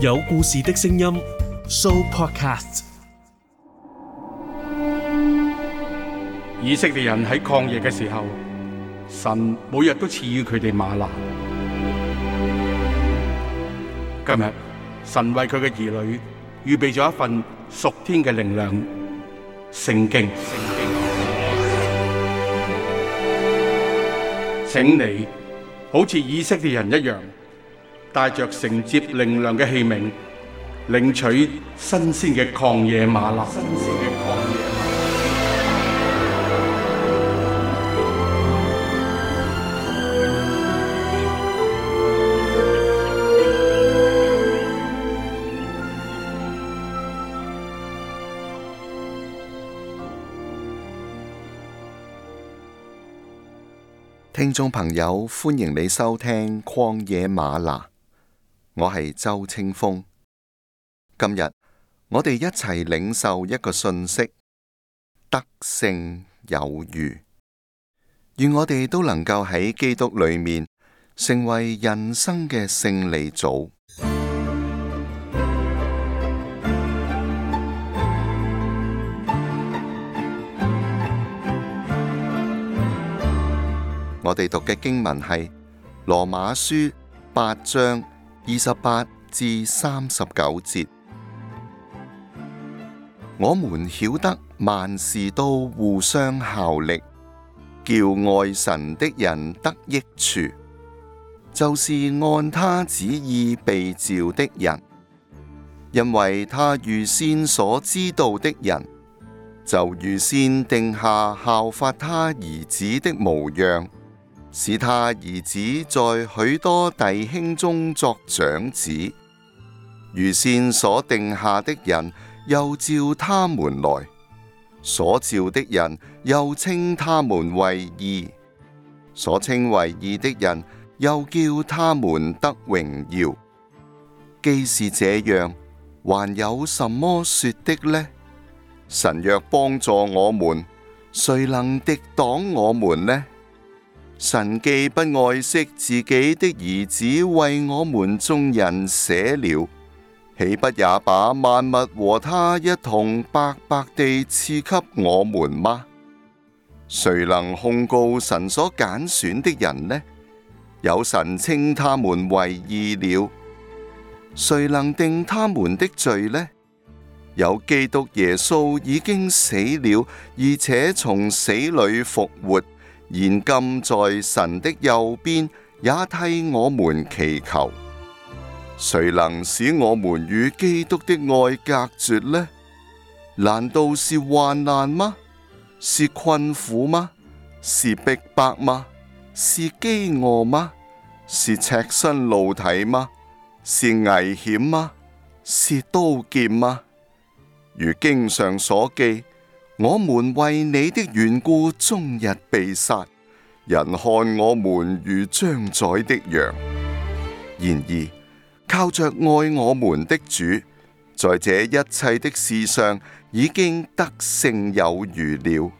有故事的聲音，So Podcast。以色列人喺曠野嘅時候，神每日都賜予佢哋嗎哪。今日神為佢嘅兒女預備咗一份屬天嘅靈糧，聖經。請你好似以色列人一樣。帶着承接靈糧嘅器皿，領取新鮮嘅曠野嗎哪。聽眾朋友，歡迎你收聽曠野嗎哪。我係周清風。今日我哋一齊領受一個信息，得勝有餘。願我哋都能夠喺基督裏面成為人生嘅勝利組。 我哋讀嘅經文係羅馬書八章，二十八至三十九節，我們曉得萬事都互相效力，叫愛神的人得益處，就是按他旨意被召的人。因為他預先所知道的人，就預先定下效法他兒子的模樣。使他兒子在許多弟兄中作長子，預先所定下的人，又召他們來；所召的人，又稱他們為義；所稱為義的人，又叫他們得榮耀。既是這樣，還有什麼說的呢？神若幫助我們，誰能敵擋我們呢？神既不愛惜自己的兒子，為我們眾人捨了，豈不也把萬物和他一同白白地賜給我們嗎？誰能控告神所揀選的人呢？有神稱他們為義了。誰能定他們的罪呢？有基督耶穌已經死了，而且從死裏復活。現今在神的右邊，也替我們祈求。誰能使我們與基督的愛隔絕呢？難道是患難嗎？是困苦嗎？是逼迫嗎？是飢餓嗎？是赤身露體嗎？是危險嗎？是刀劍嗎？如經上所記。我們為你的緣故終日被殺，人看我們如將宰的羊。然而，靠着愛我們的主，在這一切的事上已經得勝有餘了，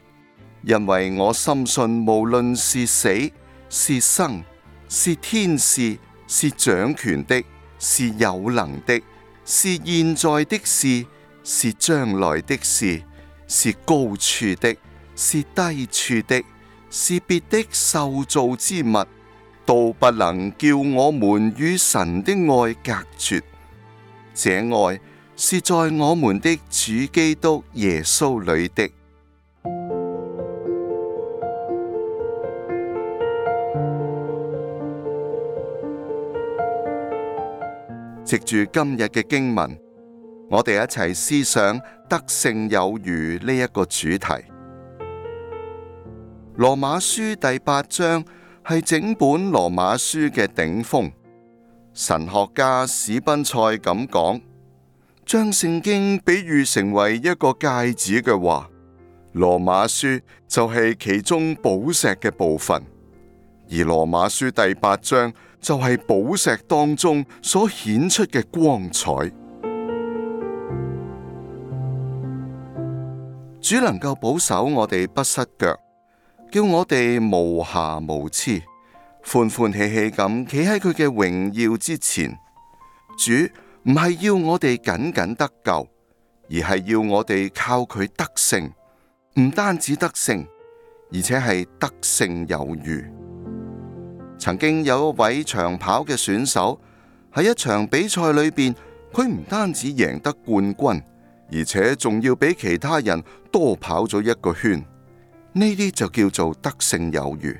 因為我深信，無論是死是生，是天使是掌權的，是有能的，是現在的事是將來的事。是高處的，是低處的，是別的受造之物，都不能叫我們與神的愛隔絕。這愛是在我們的主基督耶穌裏的。藉住今日嘅經文，我哋一齊思想得勝有餘呢一個主題，《羅馬書》第八章係整本《羅馬書》嘅頂峰。神學家史賓賽咁講：將聖經比喻成為一個戒指嘅話，《羅馬書》就係其中寶石嘅部分，而《羅馬書》第八章就係寶石當中所顯出嘅光彩。主能夠保守我哋不失腳，叫我哋無瑕無疵，歡歡喜喜咁企喺佢嘅榮耀之前。主唔係要我哋僅僅得救，而係要我哋靠佢得勝，唔單止得勝，而且係得勝有餘。曾經有一位長跑嘅選手喺一場比賽裏邊，佢唔單止贏得冠軍，而且仲要比其他人多跑咗一個圈，呢啲就叫做得勝有餘。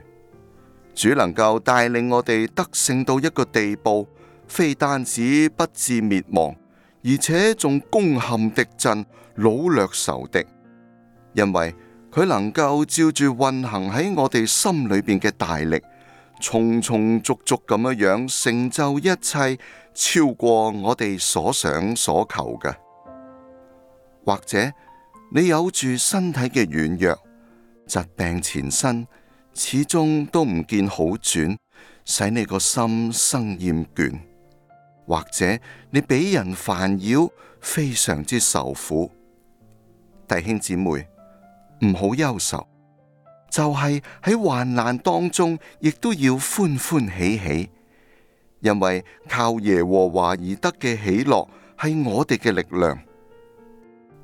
主能夠帶領我哋得勝到一個地步，非單止不致滅亡，而且仲攻陷敵陣、擄掠仇敵。因為佢能夠照住運行喺我哋心裏邊嘅大力，充充足足咁樣樣成就一切，超過我哋所想所求嘅。或者你有住身體嘅軟弱、疾病纏身，始終都唔見好轉，使你個心生厭倦；或者你俾人煩擾，非常之愁苦。弟兄姊妹，唔好憂愁，就係喺患難當中，亦都要歡歡喜喜，因為靠耶和華而得嘅喜樂，係我哋嘅力量。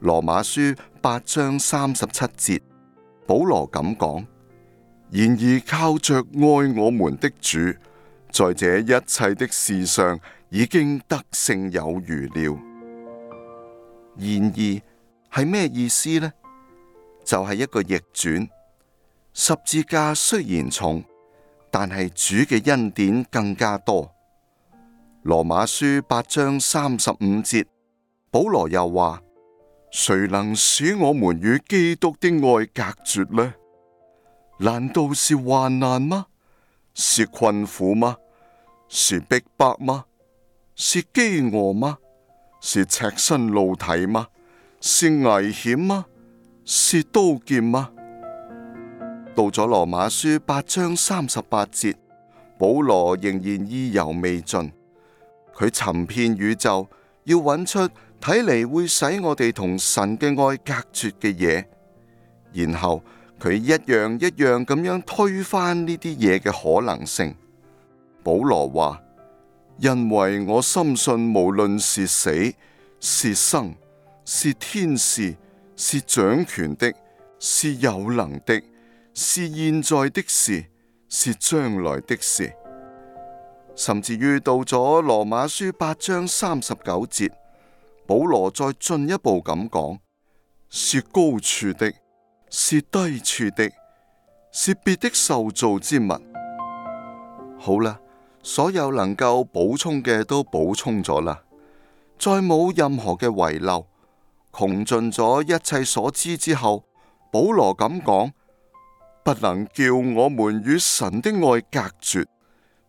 羅馬書八章三十七節，保羅咁講：然而靠着愛我們的主，在這一切的事上已經得勝有餘了。然而係咩意思呢？就係、是、一個逆轉。十字架雖然重，但係主嘅恩典更加多。羅馬書八章三十五節，保羅又話：誰能使我們與基督的愛隔絕呢？難道是患難嗎？是困苦嗎？是逼迫嗎？是飢餓嗎？是赤身露體嗎？是危險嗎？是刀劍嗎？到咗羅馬書八章三十八節，保羅仍然意猶未盡，佢尋遍宇宙，要搵出。睇嚟會使我哋同神嘅愛隔絕嘅嘢，然後佢一樣一樣咁樣推翻呢啲嘢嘅可能性。保羅話：因為我深信，無論是死是生，是天使，是掌權的，是有能的，是現在的事，是將來的事，甚至於到咗羅馬書八章三十九節。保羅再進一步咁講，是高處的，是低處的，是別的受造之物。好啦，所有能夠補充嘅都補充咗啦，再冇任何嘅遺漏，窮盡咗一切所知之後，保羅咁講，不能叫我們與神的愛隔絕，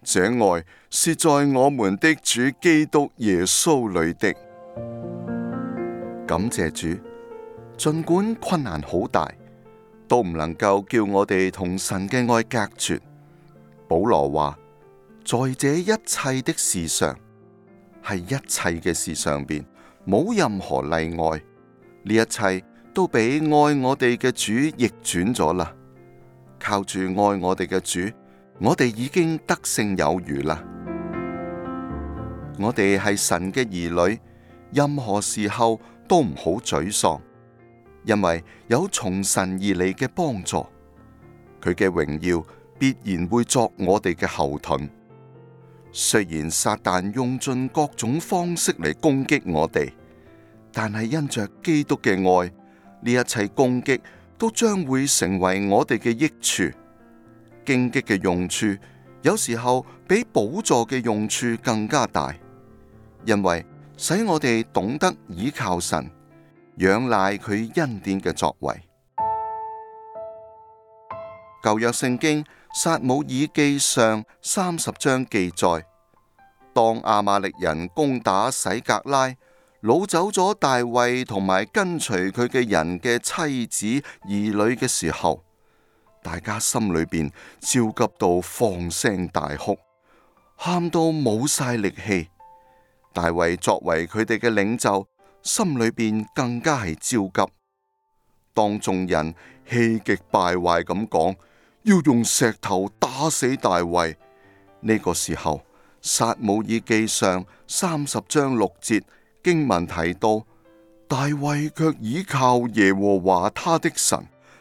這愛是在我們的主基督耶穌裏的。感謝主，盡管困難好大，都唔能夠叫我哋同神嘅愛隔絕。保羅話：在這一切的事上，係一切嘅事上邊，冇任何例外，呢一切都俾愛我哋嘅主逆轉咗啦。靠住愛我哋嘅主，我哋已經得勝有餘啦。我哋係神嘅兒女。任何時候都唔好沮喪，因為有從神而來嘅幫助，佢嘅榮耀必然會作我哋嘅後盾。雖然撒但用盡各種方式嚟攻擊我哋，但係因着基督嘅愛，呢一切攻擊都將會成為我哋嘅益處。荊棘嘅用處有時候比寶座嘅用處更加大，因為，使我哋懂得倚靠神，仰賴佢恩典嘅作為。舊約聖經撒母耳記上三十章記載，當亞瑪力人攻打洗革拉，擄走咗大衛同埋跟隨佢嘅人嘅妻子兒女嘅時候，大家心裏邊焦急到放聲大哭，喊到冇晒力氣。大衛作為佢哋嘅領袖，心裏面更加係焦急。當眾人氣極敗壞咁講，要用石頭打死大衛呢個時候，撒母耳記上三十章六節經文提到，大衛卻倚靠耶和華他的神，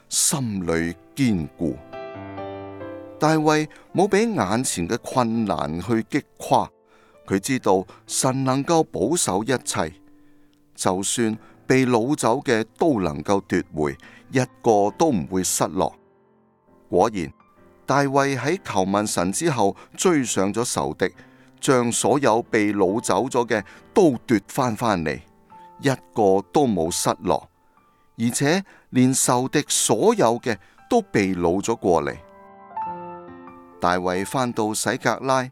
心裏堅固。大衛冇俾眼前嘅困難去擊垮。佢知道神能夠保守一切，就算被擄走嘅都能夠奪回，一個都唔會失落。果然，大衛喺求問神之後追上咗仇敵，將所有被擄走咗嘅都奪翻翻嚟，一個都冇失落，而且連仇敵所有嘅都被擄咗過嚟。大衛翻到洗革拉。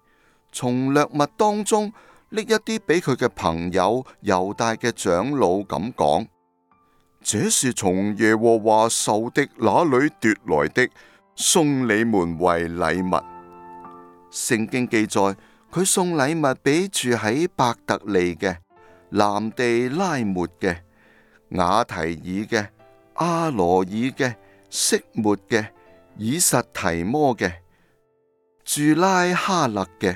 從掠物當中拎一啲俾佢嘅朋友、猶大嘅長老咁講，這，這是從耶和華仇敵那裏奪來的，送你們為禮物。聖經記載，佢送禮物俾住喺伯特利嘅、南地拉末嘅、雅提爾嘅、阿羅爾嘅、色末嘅、以實提摩嘅、住拉哈勒嘅。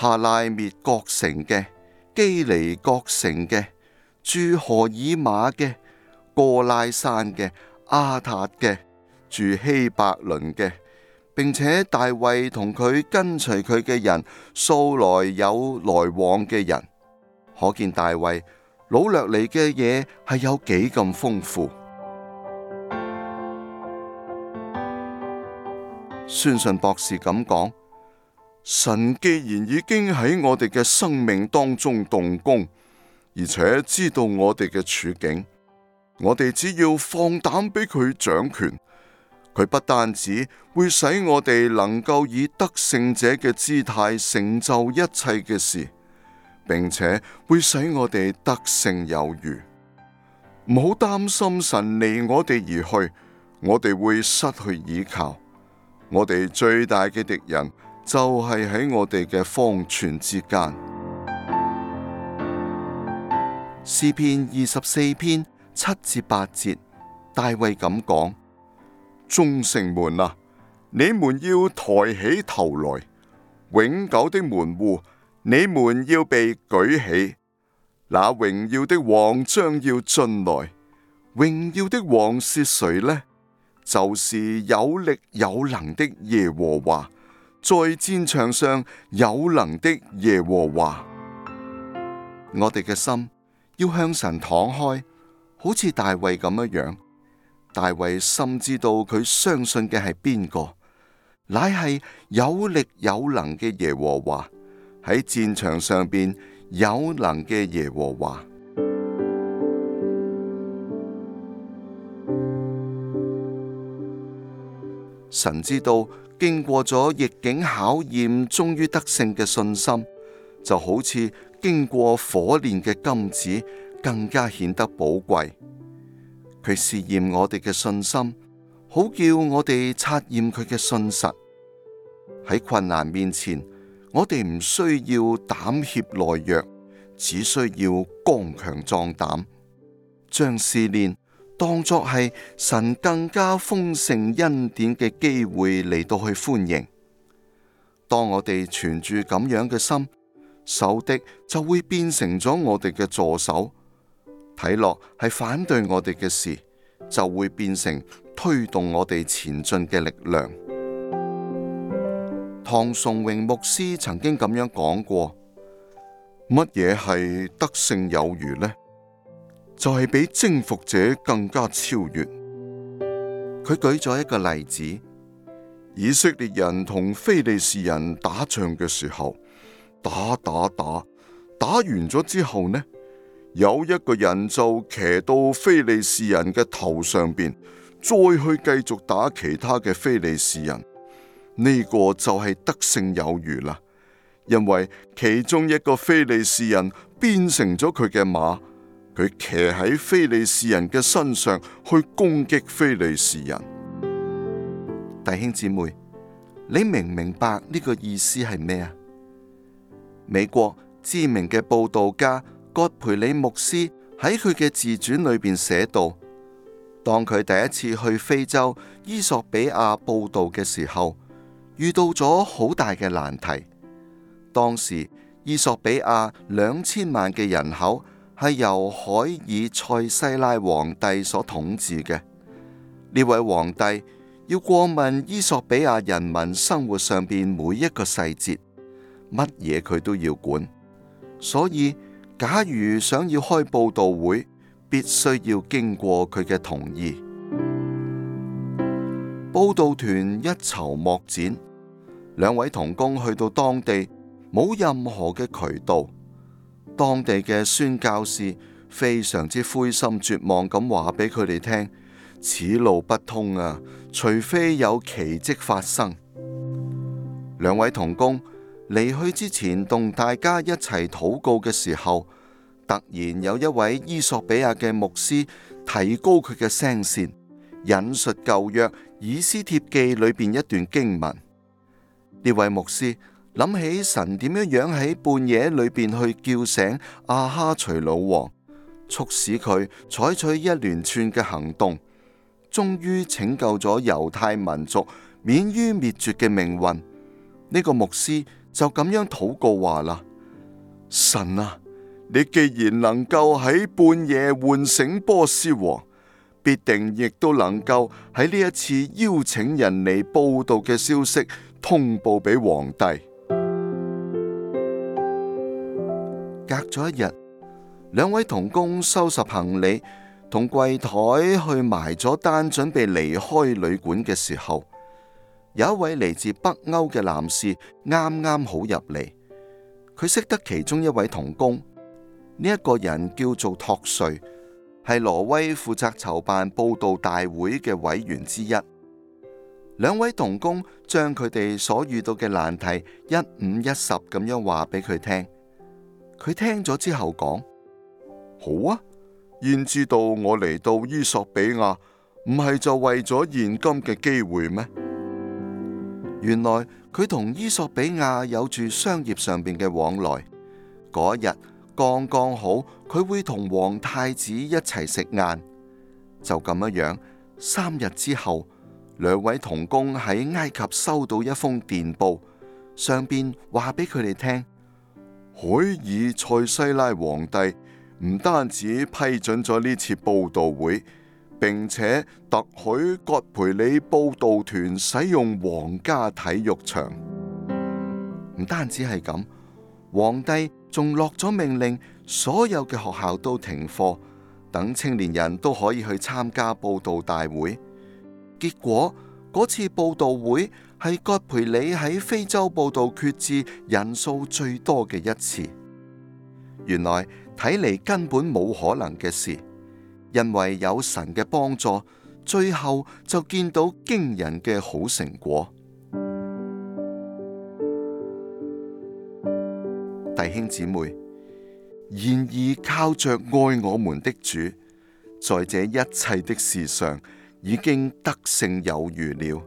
下拉滅各城嘅、基尼各城嘅、住何珥瑪嘅、過拉山嘅、阿塔嘅、住希伯倫嘅，並且大衛同佢跟隨佢嘅人素來有來往嘅人，可見大衛擄掠嚟嘅嘢係有幾咁豐富。宣信博士咁講。神既然已經喺我哋嘅生命當中動工，而且知道我哋嘅處境，我哋只要放膽俾佢掌權，佢不單止會使我哋能夠以得勝者嘅姿態成就一切嘅事，並且會使我哋得勝有餘。唔好擔心神離我哋而去，我哋會失去倚靠。我哋最大嘅敵人。就係喺我哋嘅方寸之間，詩 篇二十四篇七至八節，大衛咁講：眾城門啊，你們要抬起頭來，永久的門戶，你們要被舉起。那榮耀的王將要進來，榮耀的王是誰呢？就是有力有能的耶和華。在戰場上有能的耶和華，我哋嘅心要向神敞開，好似大衛咁樣樣。大衛深知道，佢相信嘅係邊個，乃係有力有能嘅耶和華，喺戰場上邊有能嘅耶和華。神知道。經過咗逆境考驗，終於得勝嘅信心，就好似經過火煉嘅金子，更加顯得寶貴。佢試驗我哋嘅信心，好叫我哋測驗佢嘅信實。喺困難面前，我哋唔需要膽怯懦弱，只需要剛強壯膽，將試煉。當作係神更加豐盛恩典嘅機會嚟到去歡迎。當我哋存住咁樣嘅心，仇敵就會變成咗我哋嘅助手。睇落係反對我哋嘅事，就會變成推動我哋前進嘅力量。唐崇榮牧師曾經咁樣講過：乜嘢係得勝有餘呢？就係比征服者更加超越。佢舉咗一個例子：以色列人同非利士人打仗嘅時候，打打打，打完咗之後呢，有一個人就騎到非利士人嘅頭上邊，再去繼續打其他嘅非利士人。呢個就係得勝有餘啦，因為其中一個非利士人變成咗佢嘅馬。佢騎喺非利士人嘅身上去攻擊非利士人，弟兄姊妹，你明唔明白呢個意思係咩啊？美國知名嘅佈道家葛培理·牧師喺佢嘅自傳裏邊寫道，當佢第一次去非洲伊索比亞佈道嘅時候，遇到咗好大嘅難題。當時伊索比亞兩千萬嘅人口。係由海爾塞西拉皇帝所統治嘅。呢位皇帝要過問伊索比亞人民生活上面每一個細節，乜嘢佢都要管。所以，假如想要開報道會，必須要經過佢嘅同意。報道團一籌莫展，兩位同工去到當地，冇任何嘅渠道。當地嘅宣教士非常之灰心絕望咁話俾佢哋聽，此路不通啊，除非有奇迹發生。兩位同工離去之前同大家一齊禱告嘅時候，突然有一位伊索比亞嘅牧師提高佢嘅聲線，引述舊約以斯帖記裏邊一段經文。呢位牧師。諗起神點樣養喺半夜裏邊去叫醒阿哈隨魯王，促使佢採取一連串嘅行動，終於拯救咗猶太民族免於滅絕嘅命運。呢、這個牧師就咁樣禱告話啦：神啊，你既然能夠喺半夜喚醒波斯王，必定亦都能夠喺呢一次邀請人嚟報導嘅消息通報俾皇帝。隔咗一日，兩位同工收拾行李，同櫃檯去埋咗單，準備離開旅館嘅時候，有一位嚟自北歐嘅男士啱啱好入嚟。佢識得其中一位同工，呢一個人叫做托瑞，係挪威負責籌辦報道大會嘅委員之一。兩位同工將佢哋所遇到嘅難題一五一十咁樣話俾佢聽。佢聽咗之後講：好啊，現知道我嚟到伊索比亞唔係就為咗現今嘅機會咩？原來佢同伊索比亞有住商業上邊嘅往來。嗰一日，剛剛好佢會同皇太子一齊食晏。就咁樣樣，三日之後，兩位同工喺埃及收到一封電報，上邊話俾佢哋聽。海爾塞西拉皇帝唔單止批准咗呢次佈道會，並且特許葛培理佈道團使用皇家體育場。唔單止係咁，皇帝仲落咗命令，所有嘅學校都停課，等青年人都可以去參加佈道大會。結果，嗰次佈道會係葛培理喺非洲佈道決志人數最多嘅一次。原來睇嚟根本冇可能嘅事，因為有神嘅幫助，最後就見到驚人嘅好成果。弟兄姊妹，然而靠着愛我們的主，在這一切的事上。已經得勝有餘了，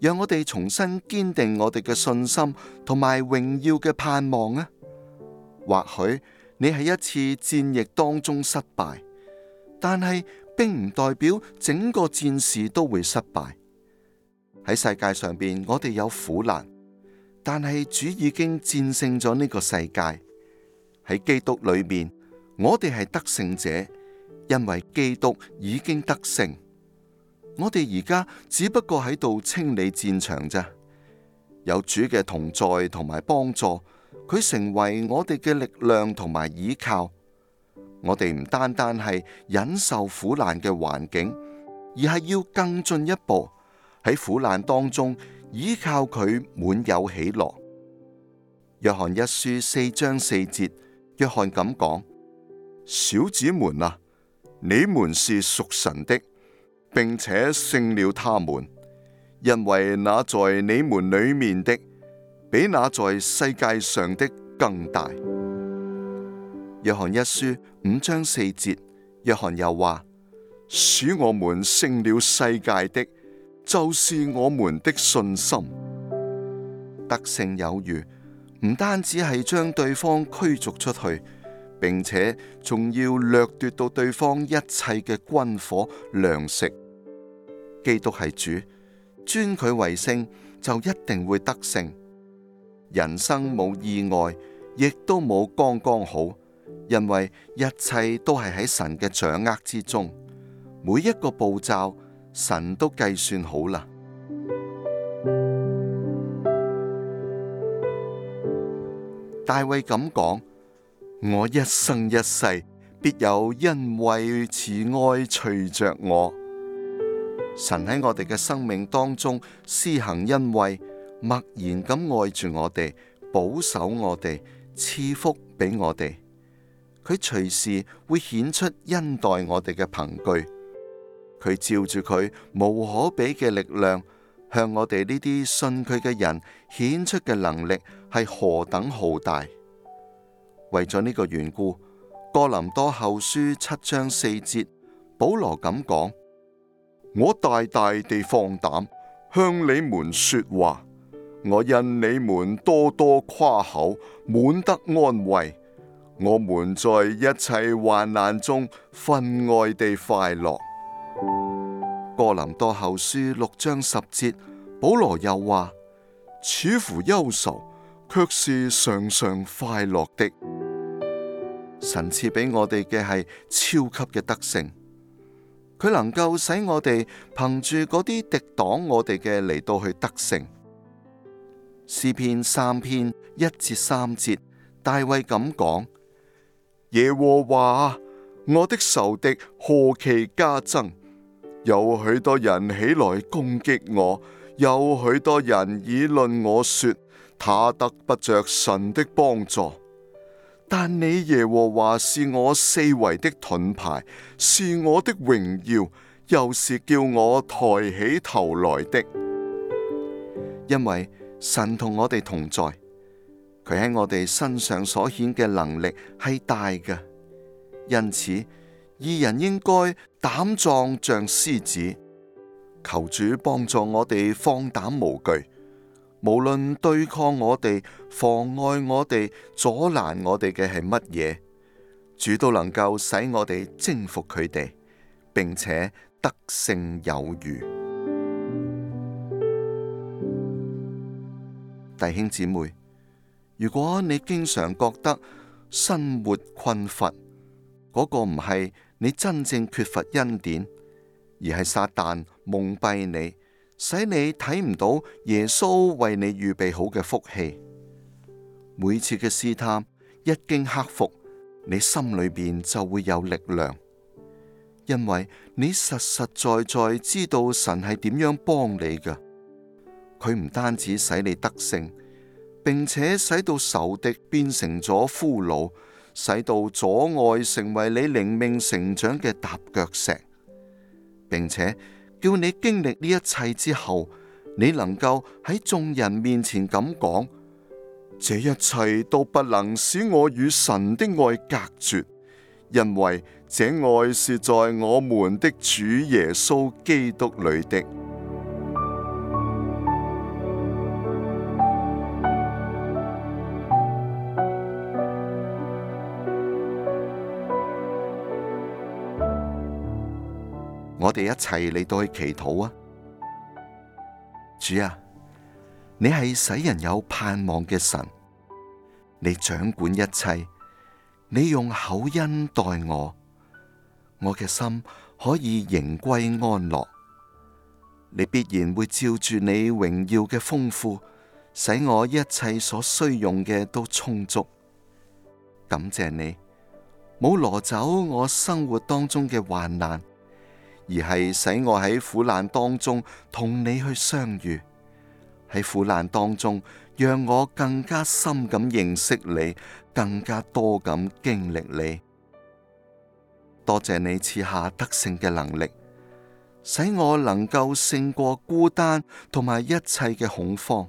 讓我哋重新堅定我哋嘅信心同埋榮耀嘅盼望啊！或許你喺一次戰役當中失敗，但係並唔代表整個戰事都會失敗。喺世界上邊，我哋有苦難，但係主已經戰勝咗呢個世界。喺基督裏面，我哋係得勝者，因為基督已經得勝。我哋而家只不過喺度清理戰場啫，有主嘅同在同埋幫助，佢成為我哋嘅力量同埋依靠。我哋唔單單係忍受苦難嘅環境，而係要更進一步喺苦難當中依靠佢滿有喜樂。約翰一書四章四節，約翰咁講：小子們啊，你們是屬神的。並且勝了他們，因為那在你們裏面的，比那在世界上的更大。約翰 一書五章四節，約翰又話：使 我們勝了世界的，就是我們的信心。 得勝有餘，唔單止係將對方驅逐出去，並且仲要掠奪到對方一切嘅軍火糧食。基督係主，尊佢為聖，就一定會得勝。人生冇意外，亦都冇剛剛好，因為一切都係喺神嘅掌握之中，每一個步驟神都計算好啦。 大衛咁講。我一生一世必有恩惠慈愛隨着我。神喺我哋嘅生命當中施行恩惠，默然咁愛住我哋，保守我哋，賜福俾我哋。佢隨時會顯出恩待我哋嘅憑據。佢照住佢無可比嘅力量，向我哋呢啲信佢嘅人顯出嘅能力係何等浩大。為咗呢個緣故，哥林多後書七章四節，保羅咁講：我大大地放膽向你們說話，我因你們多多誇口，滿得安慰。我們在一切患難中分外地快樂。哥林多後書六章十節，保羅又話：似乎憂愁，却是常常快樂的。神賜俾我哋嘅係超級嘅得勝，佢能夠使我哋憑住嗰啲敵擋我哋嘅嚟到去得勝。詩篇三篇一至三節，大衛咁講：耶和華，我的仇敵何其加增，有許多人起來攻擊我，有許多人議論我說，他得不着神的幫助。但你耶和華是我四圍的盾牌，是我的榮耀，又是叫我抬起頭來的。因為神同我哋同在，佢喺我哋身上所顯嘅能力係大嘅，因此二人應該膽壯像獅子。求主幫助我哋，放膽無懼。無論對抗我哋、妨礙我哋、阻攔我哋嘅係乜嘢，主都能夠使我哋征服佢哋，並且得勝有餘。 弟兄姊妹，如果你經常覺得生活困乏，嗰個唔係你真正缺乏恩典，而係撒旦蒙蔽你。使你睇唔到耶穌為你預備好嘅福氣。每次嘅試探一經克服，你心裏面就會有力量，因為你實實在在在知道神係點樣幫你㗎。佢唔單止使你得勝，並且使到仇敵變成咗俘虜，使到阻礙成為你靈命成長嘅踏腳石，並且。叫你經歷呢一切之後，你能夠喺眾人面前咁講，這一切都不能使我與神的愛隔絕，因為這愛是在我們的主耶穌基督裏的。我哋一齊嚟到去祈禱啊！主啊，你係使人有盼望嘅神，你掌管一切，你用厚恩待我，我嘅心可以仍歸安樂。你必然會照住你榮耀嘅豐富，使我一切所需用嘅都充足。感謝你冇挪走我生活當中嘅患難。而係使我喺苦難當中同你去相遇，喺苦難當中讓我更加深咁認識你，更加多咁經歷你。多謝你賜下得勝嘅能力，使我能夠勝過孤單同埋一切嘅恐慌，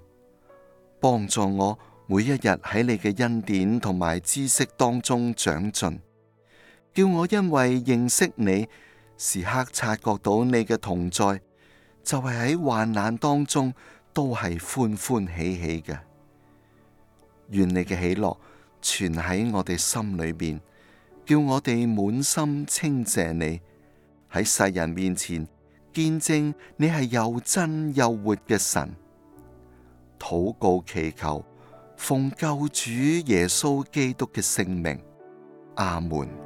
幫助我每一日喺你嘅恩典同埋知識當中長進，叫我因為認識你，時刻察覺到你嘅同在，就係喺患難當中都係歡歡喜喜嘅。願你嘅喜樂存喺我哋心裏面，叫我哋滿心稱謝你，喺世人面前見證你係又真又活嘅神。禱告祈求，奉救主耶穌基督嘅聖名，阿門。